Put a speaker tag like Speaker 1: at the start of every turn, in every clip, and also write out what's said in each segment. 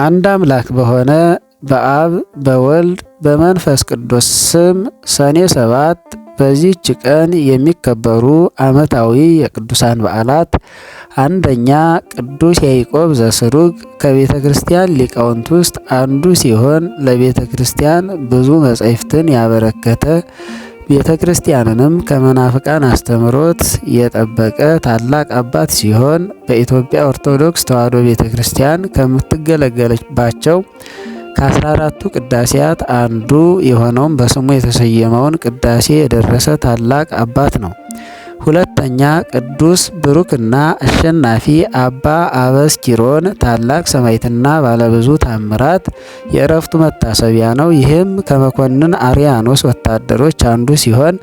Speaker 1: አንድ አምላክ በሆነ በአብ በወልድ በመንፈስ ቅዱስ ስም ሰኔ ሰባት በዚህች ቀን የሚከበሩ ዓመታዊ የቅዱሳን በዓላት፣ አንደኛ ቅዱስ ያዕቆብ ዘስሩግ ከቤተ ክርስቲያን ሊቃውንት ውስጥ አንዱ ሲሆን ለቤተ ክርስቲያን ብዙ መጻሕፍትን ያበረከተ ቤተ ክርስቲያንንም ከመናፍቃን አስተምሮት የጠበቀ ታላቅ አባት ሲሆን በኢትዮጵያ ኦርቶዶክስ ተዋሕዶ ቤተ ክርስቲያን ከምትገለገልባቸው ከአስራ አራቱ ቅዳሴያት አንዱ የሆነውን በስሙ የተሰየመውን ቅዳሴ የደረሰ ታላቅ አባት ነው። ሁለተኛ ቅዱስ ብሩክና አሸናፊ አባ አበስኪሮን ታላቅ ሰማዕትና ባለብዙ ታምራት የእረፍቱ መታሰቢያ ነው። ይህም ከመኮንን አርያኖስ ወታደሮች አንዱ ሲሆን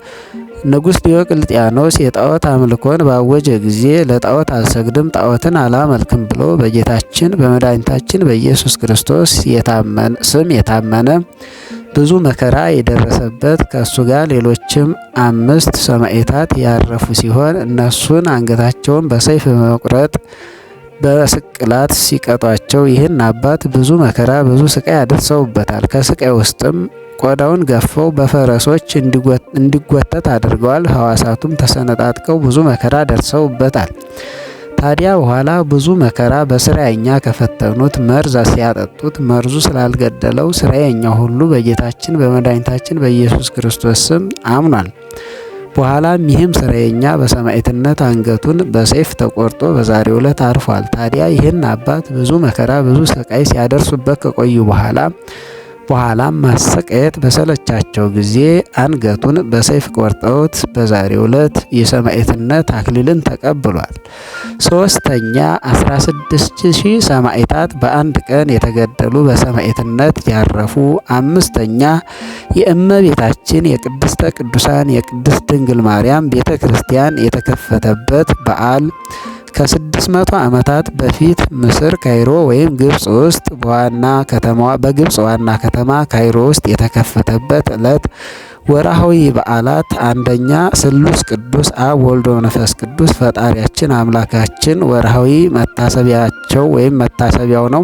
Speaker 1: ንጉሥ ዲዮቅልጥያኖስ የጣዖት አምልኮን ባወጀ ጊዜ ለጣዖት አልሰግድም፣ ጣዖትን አላመልክም ብሎ በጌታችን በመድኃኒታችን በኢየሱስ ክርስቶስ ስም የታመነ ብዙ መከራ የደረሰበት ከእሱ ጋር ሌሎችም አምስት ሰማዕታት ያረፉ ሲሆን እነሱን አንገታቸውን በሰይፍ በመቁረጥ በስቅላት ሲቀጧቸው ይህን አባት ብዙ መከራ ብዙ ስቃይ አደርሰውበታል። ከስቃይ ውስጥም ቆዳውን ገፈው በፈረሶች እንዲጎተት አድርገዋል። ሕዋሳቱም ተሰነጣጥቀው ብዙ መከራ ደርሰውበታል። ታዲያ በኋላ ብዙ መከራ በስራየኛ ከፈተኑት መርዝ ሲያጠጡት መርዙ ስላልገደለው ስራየኛ ሁሉ በጌታችን በመድኃኒታችን በኢየሱስ ክርስቶስ ስም አምኗል። በኋላም ይህም ስራየኛ በሰማዕትነት አንገቱን በሰይፍ ተቆርጦ በዛሬ ዕለት አርፏል። ታዲያ ይህን አባት ብዙ መከራ ብዙ ስቃይ ሲያደርሱበት ከቆዩ በኋላ በኋላም ማሰቃየት በሰለቻቸው ጊዜ አንገቱን በሰይፍ ቆርጠውት በዛሬው ዕለት የሰማዕትነት አክሊልን ተቀብሏል። ሶስተኛ 16000 ሰማዕታት በአንድ ቀን የተገደሉ በሰማዕትነት ያረፉ። አምስተኛ የእመቤታችን የቅድስተ ቅዱሳን የቅድስት ድንግል ማርያም ቤተ ክርስቲያን የተከፈተበት በዓል ከ መቶ ዓመታት በፊት ምስር ካይሮ ወይም ግብጽ ውስጥ በዋና ከተማዋ በግብጽ ዋና ከተማ ካይሮ ውስጥ የተከፈተበት ዕለት ወርሃዊ በዓላት አንደኛ ስሉስ ቅዱስ አብ ወልዶ መንፈስ ቅዱስ ፈጣሪያችን አምላካችን ወርሃዊ መታሰቢያቸው ወይም መታሰቢያው ነው።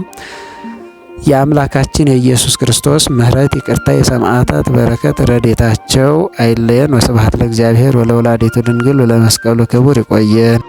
Speaker 1: የአምላካችን የኢየሱስ ክርስቶስ ምሕረት ይቅርታ፣ የሰማዕታት በረከት ረዴታቸው አይለየን። ወስብሐት ለእግዚአብሔር ወለወላዲቱ ድንግል ወለመስቀሉ ክቡር። ይቆየን።